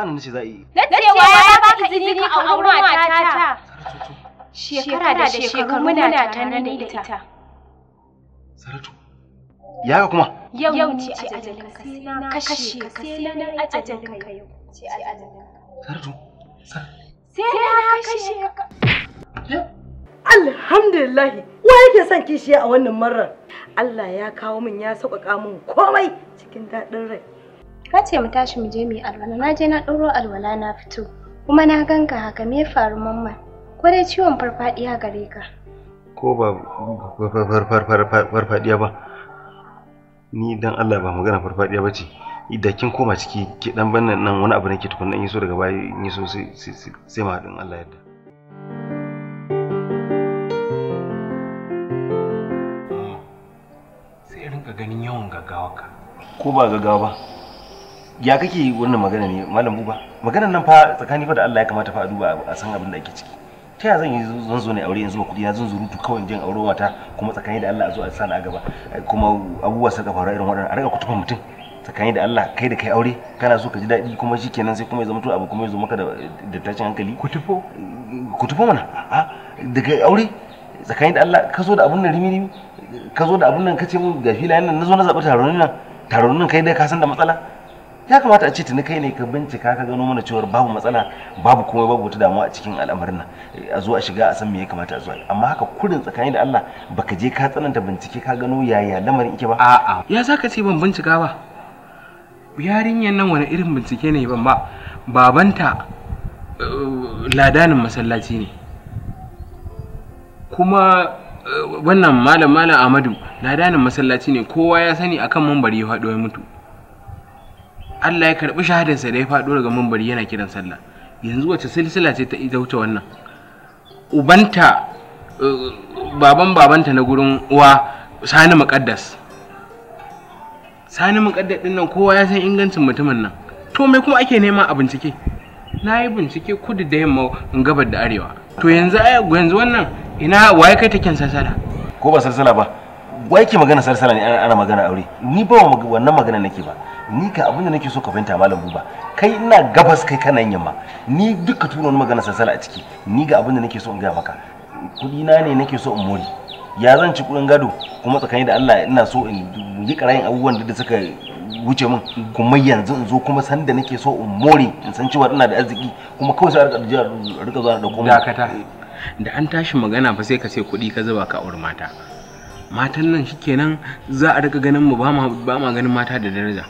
kwanan nace za a yi. Na ce wa ya ka izini ka auri matata. Shekara da shekaru muna tare da ita. Saratu. ya ga kuma? Yau ce ajalin ka sai na kashe ka sai na ajalin ka yau. Ce ajalin Saratu. Sai na kashe ka. Alhamdulillah. Wa yake son kishiya a wannan marar? Allah ya kawo min ya sauƙaƙa min komai cikin daɗin rai. ka ce mu tashi mu je mu yi alwala na je na ɗoro alwala na fito kuma na ganka haka me faru mamman ko dai ciwon farfadiya gare ka ko ba farfadiya ba ni dan Allah ba magana farfadiya bace ce idan kin koma ciki ki dan bannan nan wani abu nake tukunna in yi so daga baya in yi so sai sai ma hadin Allah yadda sai rinka ganin yawan gaggawa ka ko ba gaggawa ba ya kake wannan magana ne malam buba maganar nan fa tsakani fa da Allah ya kamata fa a duba a san abin da ake ciki ta ya zan yi zan zo ne aure yanzu ba kudi na zan zurutu kawai jin aure wata kuma tsakani da Allah a zo a sa na gaba kuma abubuwa ka faru irin waɗannan a riga kutufa mutum tsakani da Allah kai da kai aure kana so ka ji daɗi kuma shikenan sai kuma ya zama to abu kuma ya zo maka da tashin hankali kutufo kutufo mana a daga aure tsakani da Allah ka zo da abun nan rimi rimi ka zo da abun nan kace mun ga filayen nan na zo na zaɓi taronin nan taronin kai dai ka san da matsala ya kamata a ce tuni kai ne ka bincika ka gano mana cewa babu matsala babu kuma babu wata damuwa a cikin al'amarin nan a zo a shiga a san me ya kamata a zo amma haka kurin tsakani da Allah baka je ka tsananta bincike ka gano yaya lamarin yake ba a'a ya saka ce ban bincika ba yarinyan nan wani irin bincike ne ban ba babanta eh, ladanin masallaci ne kuma eh, wannan malam malam Amadu ladanin masallaci ne kowa ya sani akan mambari ya faɗo ya mutu Allah ya karbi shahadarsa da ya faɗo daga mambari yana kiran sallah yanzu wace silsila ce ta ita wuce wannan ubanta eh, baban babanta na gurin uwa sani muqaddas sani muqaddas din nan kowa ya san ingancin mutumin nan to me kuma ake nema a bincike na yi bincike kudu da yamma gabar da arewa to yanzu yanzu wannan ina waye kai taken salsala ko ba salsala ba wai ke magana salsala ne ana magana aure ni ba wannan magana nake ba ni ka abin da nake so ka fahimta malam buba kai ina gabas kai kana yamma ni duka tuna wani magana sassala a ciki ni ga abin da nake so in gaya maka kuɗi na ne nake so in mori ya zan ci kuɗin gado kuma tsakani da Allah ina so in yi karayin abubuwan da suka wuce min kuma yanzu in zo kuma san da nake so in mori in san cewa ina da arziki kuma kawai sai a rika zuwa da komai dakata da an tashi magana fa sai ka ce kuɗi ka zuba ka aure mata matan nan shikenan za a rika ganin mu ba ma ganin mata da daraja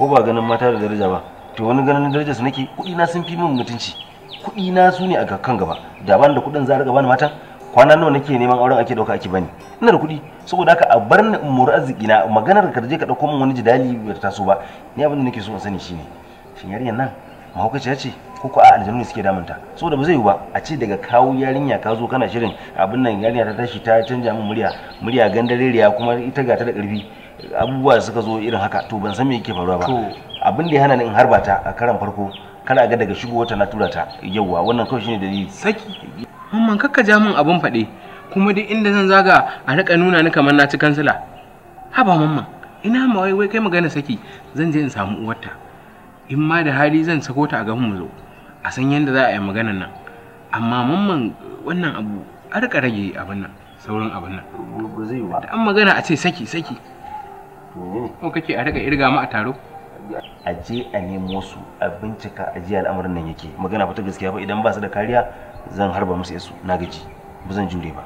ko ba ganin mata da daraja ba to wani ganin daraja su nake kuɗi na sun fi min mutunci kuɗi na su ne a kan gaba da ban da kuɗin za a bani matan kwana nawa nake neman auren ake dauka ake bani ina da kuɗi saboda haka a bar ni in arziki na maganar ka je ka dauko min wani jidali bai taso ba ni abin da nake so in sani shine shin yarinyar nan mahaukaciya ce ko ko a aljanu ne suke damunta saboda ba zai yi ba a ce daga kawo yarinya ka zo kana shirin abin nan yarinya ta tashi ta canja min murya murya riya kuma ita ga ta da karfi abubuwa suka zo irin haka to ban san me yake faruwa ba abin da ya hana ni in harba ta a karan farko kana ga daga shigo wata na tura ta yauwa wannan kawai shine dalili saki mamman kakka ja min abin fade kuma duk inda zan zaga a rika nuna ni kamar na ci kansila haba mamman ina ma wai kai magana saki zan je in samu uwarta in ma da hali zan sako ta a gaban mu zo a san yadda za a yi maganar nan amma mamman wannan abu a rika rage abin nan sauran abin nan ba zai ba an magana a ce saki saki Hmm. Ko kake a daga irga ma a taro? A je a nemo su a bincika a je al'amarin nan yake. Magana ba ta gaskiya ba idan ba su da kariya zan harba musu yasu na gaji. Ba zan jure ba.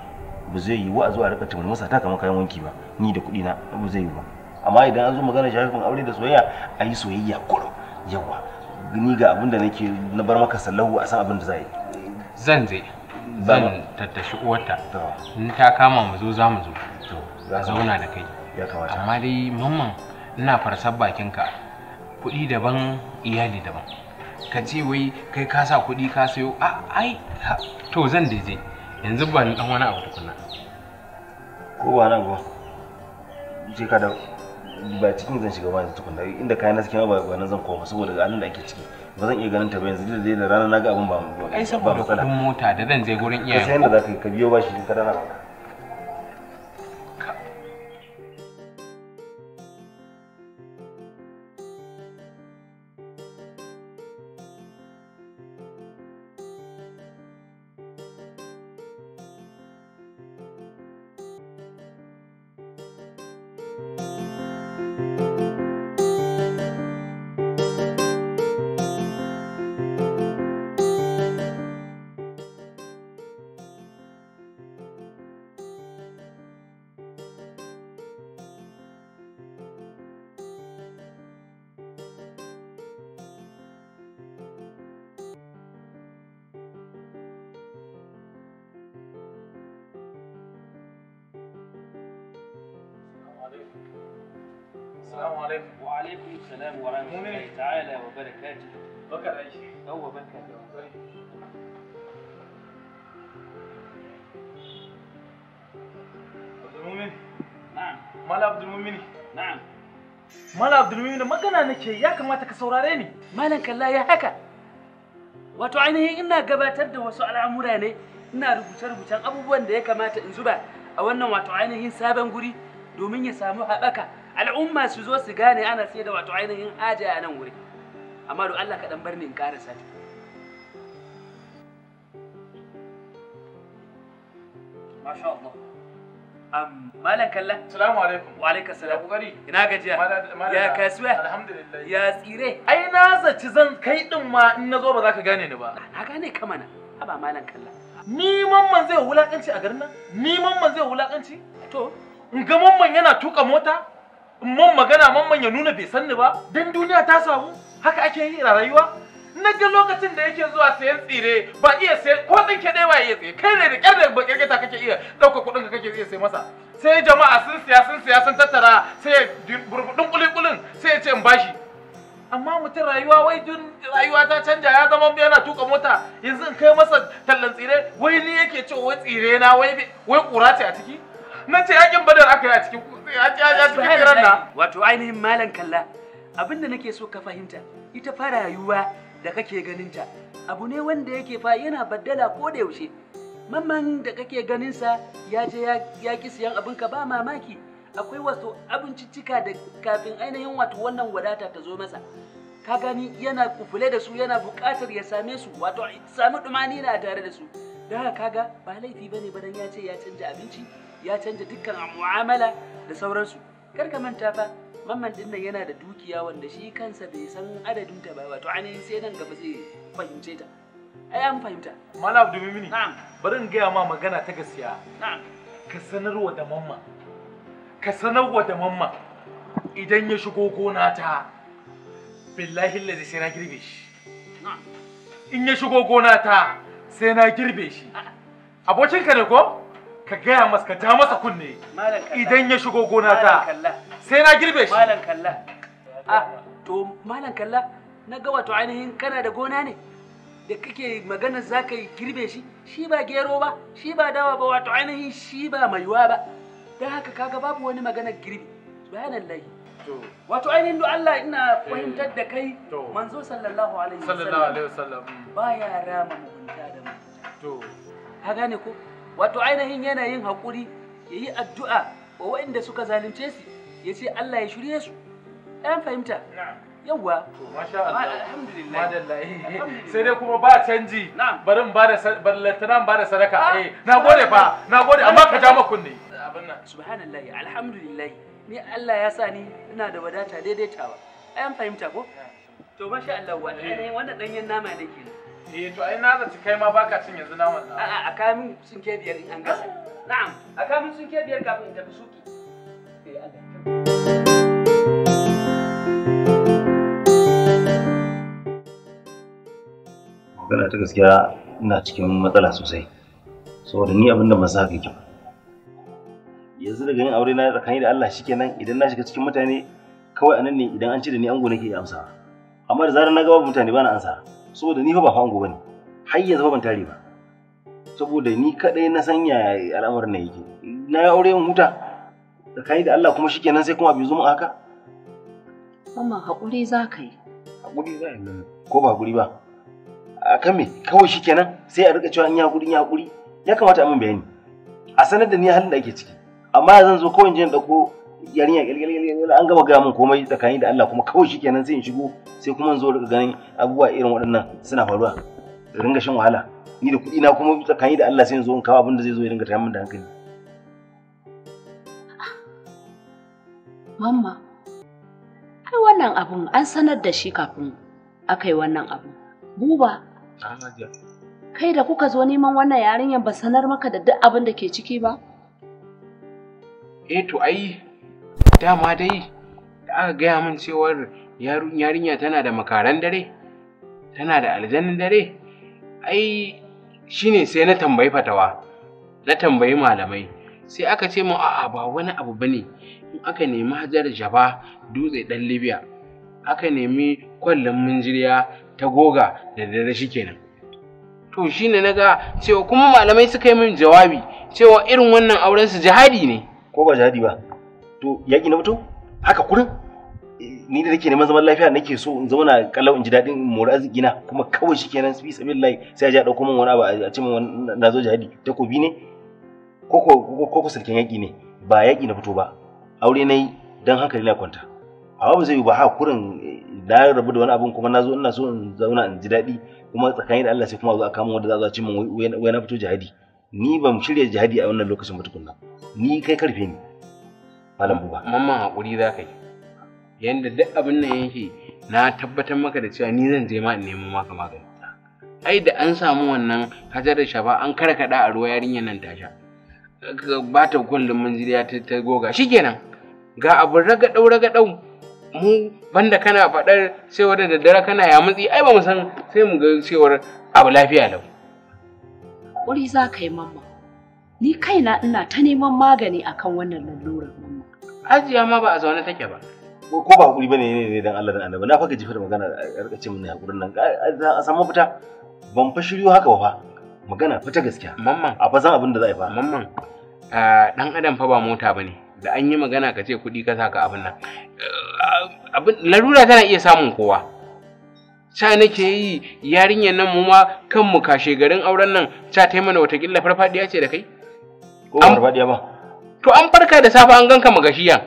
Ba zai yi wa a zuwa a rika tumar masa ta kamar kayan wanki ba. Ni da kuɗi na ba zai yi ba. Amma idan an zo magana shafin aure da soyayya a yi soyayya kurum. Yawa. Ni ga abin da nake na bar maka sallahu a san abin da za yi. Zan je. Zan tattashi uwarta. In ta kama mu zo za mu zo. Zauna da kai. ya kamata amma dai mamman ina farsar ka kuɗi daban iyali daban ka ce wai kai ka sa kuɗi ka sayo a ai to zan daidai yanzu ba ni dan wani abu tukuna ko ba nan ba je ka da ba cikin zan shiga ba da tukuna inda kayan suke ma ba nan zan koma saboda halin da ake ciki ba zan iya ganin ta ba yanzu da dai da rana na ga abin ba ai saboda kuɗin mota da zan je gurin iyayen ka sai inda zaka ka biyo ba shi ka dana ba Assalamu alaikum. Wa alaikum salam wa rahmatullahi ta'ala wa barakatuh. Baka da shi. Yawwa barka da Abdulmumin. Na'am. Mala Abdulmumin. Na'am. Mala Abdulmumin magana nake ya kamata ka saurare ni. Malam kalla ya haka. Wato ainihin ina gabatar da wasu al'amura ne ina rubuce-rubucen abubuwan da ya kamata in zuba a wannan wato ainihin sabon guri domin ya samu haɓaka al'umma su zo su gane ana sai da wato ainihin haja a nan wuri amma do Allah kaɗan bar ni in ƙara sati Masha Allah. Malam kalla. Salamu alaikum. Wa alaikum salam. Kokari. Ina gajiya. Ya kasuwa. Alhamdulillah. Ya tsire. Ai na zaci zan kai din ma in nazo ba za ka gane ni ba. Na gane kamana. mana. Haba malam kalla. Ni mamman zai wulakanci a garin nan? Ni mamman zai wulakanci? To, in ga mamman yana tuka mota, Mun magana mamman ya nuna bai sanni ba dan duniya ta samu haka ake yi a rayuwa na ga lokacin da yake zuwa sayan tsire ba iya sayan ko din ke dai ba iya tsaye kai ne da kyar da bakirgita kake iya ɗauka kuɗin ka kake iya sai masa sai jama'a sun siya sun siya sun tattara sai burbuɗin kulikulin sai ya ce in bashi amma mutum rayuwa wai dun rayuwa ta canja ya zama yana tuka mota yanzu in kai masa tallan tsire wai ni yake ce wai tsire na wai wai ƙura ce a ciki na ce yakin badar aka yi a cikin Wato ainihin malam kalla abin da nake so ka fahimta ita fara rayuwa da kake ganinta abu ne wanda yake fa yana baddala ko da yaushe mamman da kake ganinsa ya je ya ki siyan abin ka ba mamaki akwai wasu abinciccika da kafin ainihin wato wannan wadata ta zo masa ka gani yana kufule da su yana buƙatar ya same su wato sami dumani na tare da su da kaga ba laifi bane ba ya ce ya canja abinci ya canja dukkan mu'amala da sauransu kar ka manta fa mamman din nan yana da dukiya wanda shi kansa bai san adadin ta ba wato ainihin sai nan gaba zai fahimce ta ai an fahimta malam abdu mimini na'am bari in gaya ma magana ta gaskiya na'am ka sanarwa da mamma ka sanarwa da mamma idan ya shigo gona ta billahi lazi sai na girbe shi in ya shigo gona ta sai na girbe shi abokinka ne ko ka gaya masa ka ja masa kunne idan ya shigo gona ta sai na girbe shi malam kalla ah to malam kalla na ga wato ainihin kana da gona ne da kake magana za ka yi girbe shi shi ba gero ba shi ba dawa ba wato ainihin shi ba maiwa ba don haka kaga babu wani magana girbi bayanan layi wato ainihin do Allah ina eh. fahimtar da kai manzo sallallahu alaihi wasallam ya rama mugunta da mu to ka gane ko wato ainihin yana yin haƙuri ya yi addu'a wa waɗanda suka zalunce su ya ce Allah ya shirye su ɗan fahimta yawwa masha Allah eh, eh. alhamdulillah sai dai kuma ba canji barin ba da ballantana ba da sadaka ah. eh na gode fa na gode amma ka ja makun ne abin nan subhanallah alhamdulillah ni Allah ya sa ni ina da wadata daidaitawa ayan fahimta ko to masha Allah wa eh. wannan danyen nama da ke Eh to ai na zaci kai ma baka cin yanzu naman na. A'a a kawo min sun ke biyar in an gasa. Na'am, a kawo min sun ke biyar kafin in tafi suki. Eh Allah. Magana ta gaskiya ina cikin matsala sosai. Saboda ni abinda ban sa ka kyau. Yanzu daga yin aure na tsakani da Allah shikenan idan na shiga cikin mutane kawai anan ne idan an ci da ni ango nake amsa. Amma da zarar na ga babu mutane ba na amsa. saboda ni fa ba fango bane har yanzu ban tare ba saboda ni kadai na sanya al'amarin na yake na ya aure in huta kai da Allah kuma shikenan sai kuma bai zo mun haka mama hakuri za ka yi hakuri za ka ko ba hakuri ba a kan me kawai shikenan sai a rika cewa in ya hakuri ya hakuri ya kamata a min bayani a sanar da ni halin da ake ciki amma yanzu zo kawai in je in dauko yarinya gilgil an gama gaya min komai tsakani da Allah kuma kawai shikenan sai in shigo sai kuma in zo daga ganin abubuwa irin waɗannan suna faruwa da ringa shan wahala ni da kuɗi na kuma tsakani da Allah sai in zo in kawo abin da zai zo ya ringa tayamin da hankali Mamma ai wannan abun an sanar da shi kafin aka yi wannan abu buba kai da kuka zo neman wannan yarinyar ba sanar maka da duk abin da ke ciki ba eh to ai dama dai da aka gaya min cewar yarinya tana da makaran dare tana da aljanin dare ai shine sai na tambayi fatawa na tambayi malamai sai aka ce mu a'a ba wani abu bane in aka nemi hajar jaba dutse dan libya aka nemi kwallon minjiriya ta goga da dare shikenan to shine naga cewa kuma malamai suka yi min jawabi cewa irin wannan auren su jihadi ne ko ba jihadi ba to yaƙi na mutum haka kurin eh, ni da nake neman zaman lafiya nake so in zauna kallon in ji daɗin mori arziki na kuma kawai shi kenan fi sabil lai sai ya ji a ɗauko min wani abu a ce min na zo jihadi takobi ne ko ko sarkin yaƙi ne ba yaƙi na fito ba aure na yi don hankali na kwanta amma ba zai yi ba haka kurin eh, na rabu da wani abun kuma na zo ina so in zauna in ji daɗi kuma tsakanin da Allah sai kuma zo a kama wanda za a ci min wai na fito jihadi ni ban shirya jihadi a wannan lokacin ba tukunna ni kai karfe ne malam buba mamman hakuri za ka yi yanda duk abin nan yake na tabbatar maka da cewa ni zan je ma in nemo maka magani ai da an samu wannan hajar da shafa an karkada a ruwa yarinyar nan tasha ba ta kullum mun ta ta goga shikenan ga abin ragadau ragadau mu banda kana faɗar cewar da dare kana ya mutsi ai ba mu san sai mu ga cewar abu lafiya lau Kuri za ka yi mamma ni kaina ina ta neman magani akan wannan lalurar mamma Hajiya ma ba a zaune take ba. Ko ba hakuri bane ne ne dan Allah dan Annabi. Na faka jifar magana a karkace mun hakurin nan. A samu fita. Ban fa shiryo haka ba fa. Magana fita gaskiya. Mamman. A fa san abin da za a yi fa. Mamman. dan adam fa ba mota bane. Da an yi magana ka ce kuɗi ka saka abin nan. Eh, abin larura tana iya samun kowa. ca nake yi yarinyar nan mu ma kanmu kashe garin auren nan ca ta yi mana watakila farfadiya ce da kai? Ko farfadiya ba. to an farka da safe an ganka magashiyan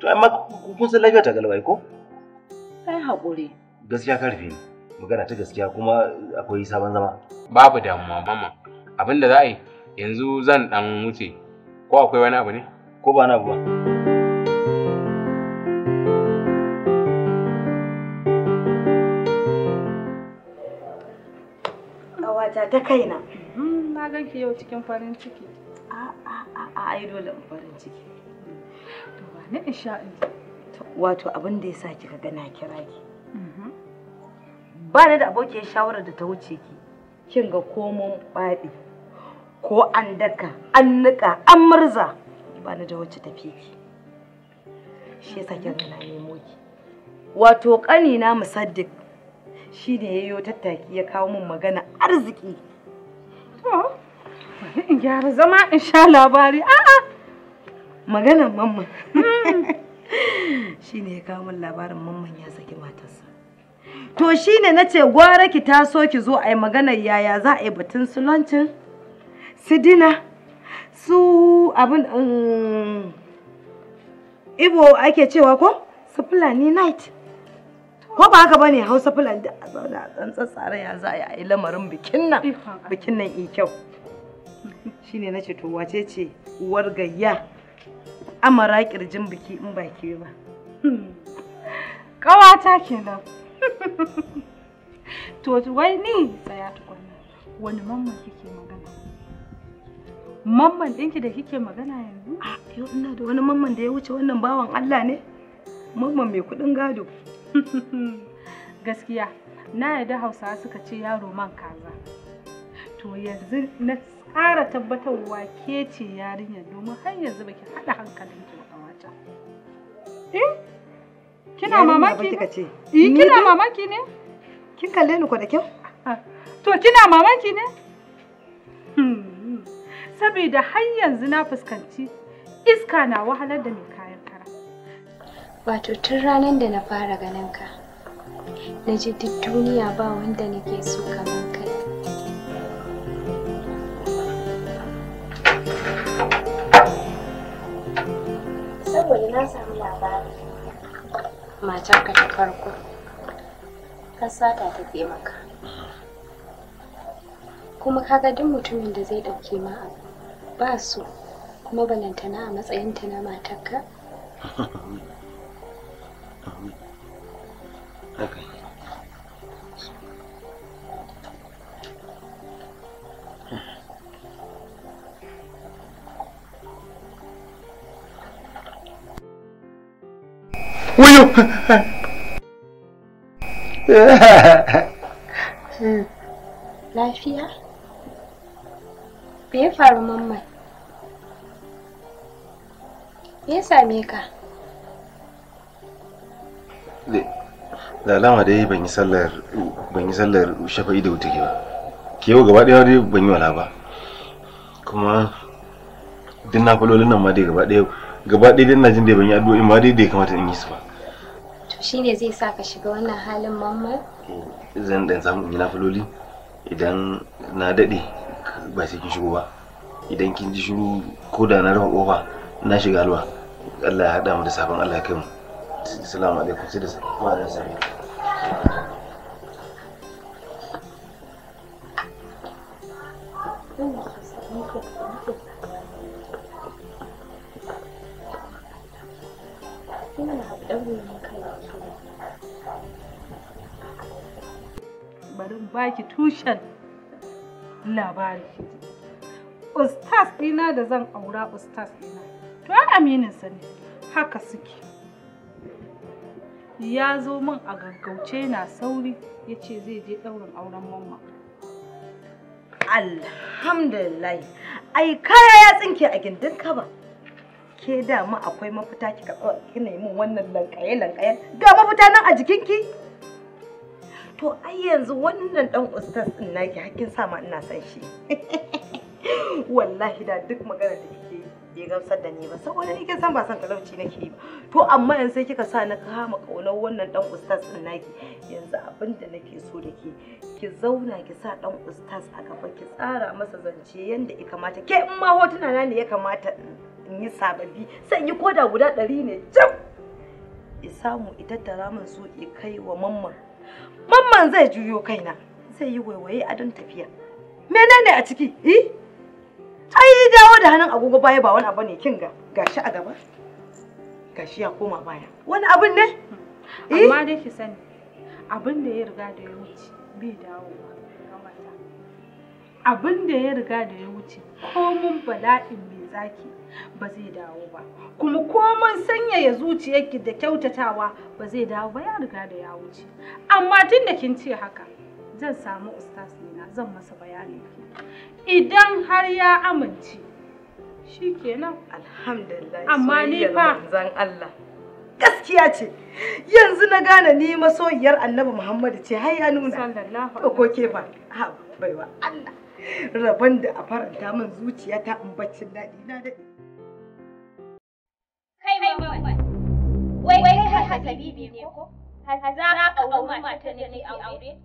to amma kun san lafiya ta galibai ko kai haƙuri gaskiya karfi ne magana ta gaskiya kuma akwai sabon zama babu damuwa mama abin da za a yi yanzu zan dan wuce ko akwai wani abu ne ko ba na abu ba ta kaina. Mm-hmm. Na ganki yau cikin farin ciki. a ya dole in farin ciki to ba wato abin da sa kika ga na kira ki mhm. ba ni da abokiyar shawarar da ta wuce ki kin ga komon baɗi ko an daka an nika an murza ba ni da wacce tafi ki shi yasa kin ga na nemo ki wato ƙanina musaddiq shi ne tattaki ya kawo min magana arziki in gyara zama in sha labari a'a maganar mamman shi ne ya kawo min labarin mamman ya saki matarsa to shi ne na ce gwara ki taso ki zo a yi maganar yaya za a yi batun su lancin su dina su abin um, ibo ake cewa ko su fulani night ko ba haka bane hausa fulani da a zauna a tsantsar tsare ya za a yi lamarin bikin nan bikin nan i kyau shine na ce to wace ce uwar gayya amara kirjin biki in ba ke ba kawata kenan to wai ni tsaya tukunna wani mamman kike magana mamman ɗinki da kike magana yanzu a ah, yau ina da wani mamman da ya wuce wannan bawan Allah ne mamman mai kuɗin gado gaskiya na yarda hausawa suka ce yaro man kaza to yanzu na kara tabbatarwa ke ce yarinya domin har yanzu baki haɗa hankalinki ba kawata. Eh? Kina mamaki ne? Eh kina mamaki ne? Kin kalle ni ko da kyau? Ah, to kina mamaki ne? Hmm, hmm. Saboda har yanzu na fuskanci iska na wahalar da mai kayan kara. Wato tun ranar da na fara ganin ka, na ji duk duniya ba wanda nake so kamar saboda na samu labari matarka ta kuma kaga duk mutumin da zai ɗauki ma ba su kuma balantana a matsayinta na matarka Lafiya? Me ya faru mamman? Me ya same ka? Da alama dai ban yi sallar ban yi sallar shafa'i da wuta ba. Ke yau gaba ɗaya dai ban yi wala ba. Kuma duk na falolin nan ma dai gaba ɗaya gaba ɗaya dai ina jin dai ban yi addu'o'i ma dai da ya kamata in yi su ba. shine zai sa ka shiga wannan halin mamman eh, zan dan samu ina filoli idan na daɗe ba sai kin shigo ba idan kin ji shiru ko da na rufe kofa na shiga alwa Allah ya haɗa mu da sabon Allah ya kai mu assalamu alaikum sai da wa alaikum salam Thank you. baki tushen labari ustaz ɗina da zan aura ustaz ɗina to an Sani ne haka suke ya zo min a gaggauce na sauri ya ce zai je ɗaurin auren mamma alhamdulillah ai kaya ya tsinke a gindin kaba ke da dama akwai mafita kika kina yi min wannan lankaye lankaye ga mafita nan a jikinki To ai yanzu wannan dan ustaz din naki hakkin sama ina san shi. Wallahi da duk magana da kike bai gamsar da ni ba saboda ni kin san ba san talauci nake yi ba. To amma yanzu sai kika sa na kama kaunar wannan dan ustaz din naki. Yanzu abin da nake so da ke ki zauna ki sa dan ustaz a gaba ki tsara masa zance yanda ya kamata. Ke in ma hotuna na ne ya kamata in yi sababbi sai yi koda guda ɗari ne jam. Isamu samu ita tara min kai wa mamman Mamman zai juyo kaina, zai yi waiwaye a don tafiya. Menene a ciki? Eh? Ai dawo da hannun agogo baya ba wani abu ne kin ga gashi a gaba. Gashi ya koma baya. Wani abin ne? Amma dai ki sani abin da ya riga da ya wuce bai dawowa. Abin da ya riga da ya wuce komun bala'in bai zaki ba zai dawo ba kuma komin sanyaya zuciyarki da kyautatawa ba zai dawo ba ya riga da ya wuce amma tun da kin ce haka zan samu ustaz na zan masa bayani idan har ya amince shikenan alhamdulillah amma ni fa zan Allah gaskiya ce yanzu na gane ni masoyiyar annabi muhammadu ce hai ya nuna ko ke ba baiwa Allah rabon da a faranta min zuciya ta in baccin daɗi na daɗi. Kai mai wai kai haka sabibi ne ko? ka kawo mata ne ne aure?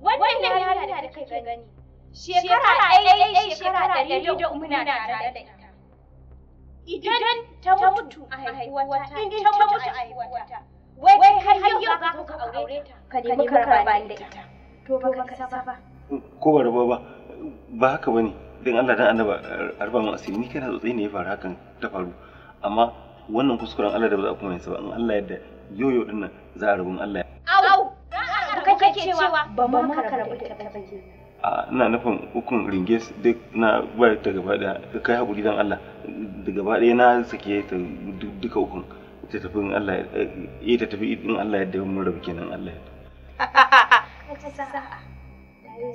Wannan yara da kake gani, shekara ai shekara ɗari da muna tare da ita. Idan ta mutu a haihuwata, in ta mutu a haihuwata, wai kai har yau ba ka aure ta, ka nemi karɓa da ita. To ba ka saba ba. ko ba raba ba ba haka bane dan Allah dan annaba arba mu asiri ni kana tsotsi ne ya faru hakan ta faru amma wannan kuskuren Allah da ba za a kuma yansa ba in Allah yadda yoyo din nan za a rubun Allah au ka kake cewa ba mu ka rabu ta fage a ina nufin hukun ringes duk na ba ta gaba da kai hakuri dan Allah daga gaba ɗaya na sake ta duka hukun ta tafi in Allah ya eh, ta tafi in Allah yadda mun rabu kenan Allah ya ta sa'a Allah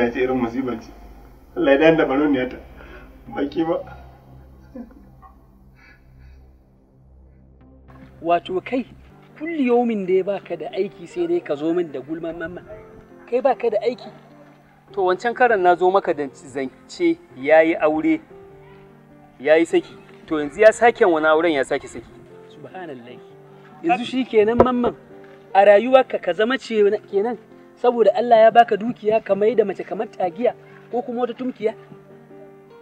ya ce irin musibar ce. Allah ya danda baron ne ta. Baki ba. Wato kai, kulli yaumin da ya baka da aiki sai dai ka zo min da gulman mamma. Kai baka da aiki. To wancan karan na zo maka da zance yayi aure ya yi saki to yanzu ya sake wani auren ya sake saki subhanallah yanzu shi kenan mamman a rayuwarka ka zama ce kenan saboda Allah ya baka dukiya ka mai da mace kamar tagiya ko kuma wata tumkiya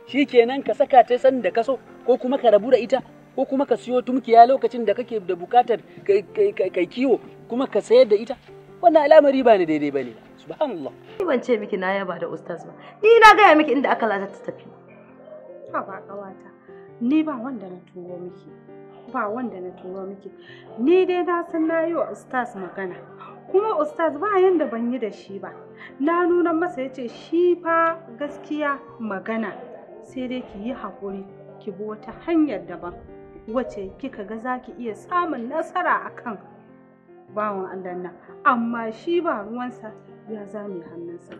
shi kenan ka saka ta san da kaso ko kuma ka rabu da ita ko kuma ka siyo tumkiya lokacin da kake da bukatar kai kiwo kuma ka sayar da ita wannan al'amari ba ne daidai bane subhanallah ni ban ce miki na yaba da ustaz ba ni na gaya miki inda aka lalata ta tafi ba ni ba wanda na turo miki. Ba wanda na turo miki. Ni dai na san na yi wa Ustaz magana. Kuma Ustaz ba yanda ban yi da shi ba. Na nuna masa ya ce shi fa gaskiya magana. Sai dai ki yi haƙuri ki bi wata hanyar daban. Wace kika ga za ki iya samun nasara a kan bawan Allah nan. Amma shi ba ruwansa ya zame hannunsa.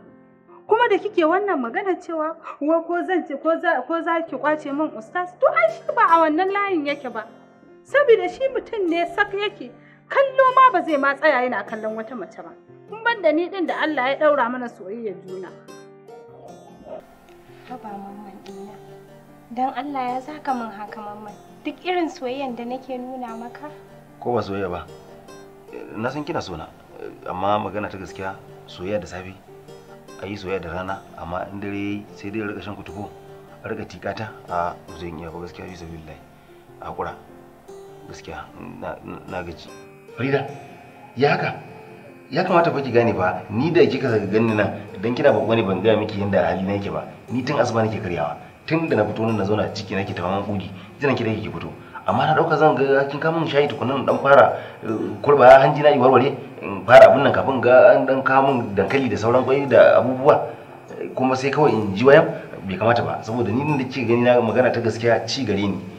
kuma da kike wannan magana cewa wa ko zan ce ko za ko za ki kwace min ustaz to ai shi ba a wannan layin yake ba saboda shi mutum ne sak yake kallo ma ba zai ma tsaya yana kallon wata mace ba kun ban da ni din da Allah ya daura mana soyayyar juna ba mamman dina dan Allah ya zaka min haka mamman duk irin soyayyar da nake nuna maka ko ba soyayya ba na san kina so na amma magana ta gaskiya soyayya da safi ka yi soyayya da rana amma in dare sai dai rika shan kutubo a rika ta a zan iya ba gaskiya yi sabi a hakura gaskiya na gaji farida ya haka ya kamata fa ki gane ba ni da kika saka ganni nan idan kina ba ne ban gaya miki yanda hali nake ba ni tun asuba nake karyawa tun da na fito nan na zauna ciki nake tawaman kugi jinan ki da kike fito amma na dauka zan ga kin kama min shayi tukunan dan fara eh, kurba hanji na warware in fara abun nan kafin ga an dan kama min dankali da sauran kwai da abubuwa eh, kuma sai kawai in ji wayan bai kamata ba saboda ni din da ci gani na magana ta gaskiya ci gare ni